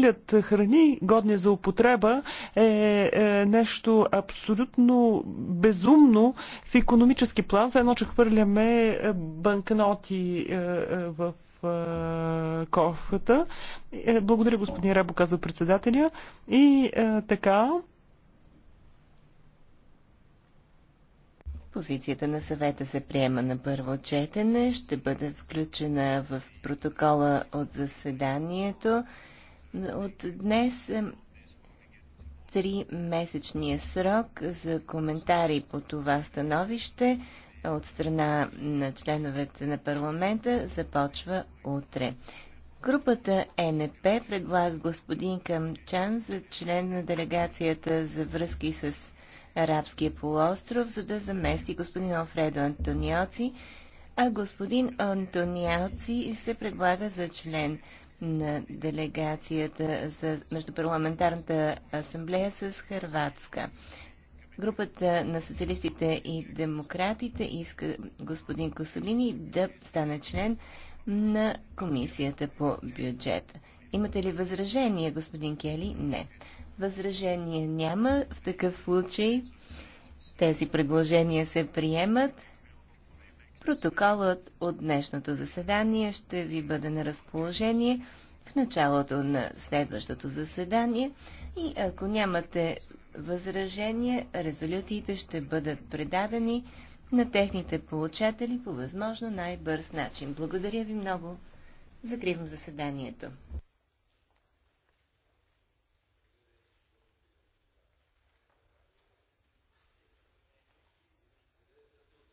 прехвърлят храни, годни за употреба, е, е нещо абсолютно безумно в економически план. За едно, че хвърляме е, банкноти е, е, в е, кофата. Е, благодаря, господин Ребо, казва председателя. И е, така. Позицията на съвета се приема на първо четене, ще бъде включена в протокола от заседанието. От днес е три месечния срок за коментари по това становище от страна на членовете на парламента започва утре. Групата е НП предлага господин Камчан за член на делегацията за връзки с Арабския полуостров, за да замести господин Алфредо Антониоци, а господин Антониоци се предлага за член на делегацията за Междупарламентарната асамблея с Харватска. Групата на социалистите и демократите иска господин Косолини да стане член на комисията по бюджет. Имате ли възражение, господин Кели? Не. Възражение няма. В такъв случай тези предложения се приемат. Протоколът от днешното заседание ще ви бъде на разположение в началото на следващото заседание и ако нямате възражения, резолюциите ще бъдат предадени на техните получатели по възможно най-бърз начин. Благодаря ви много. Закривам заседанието.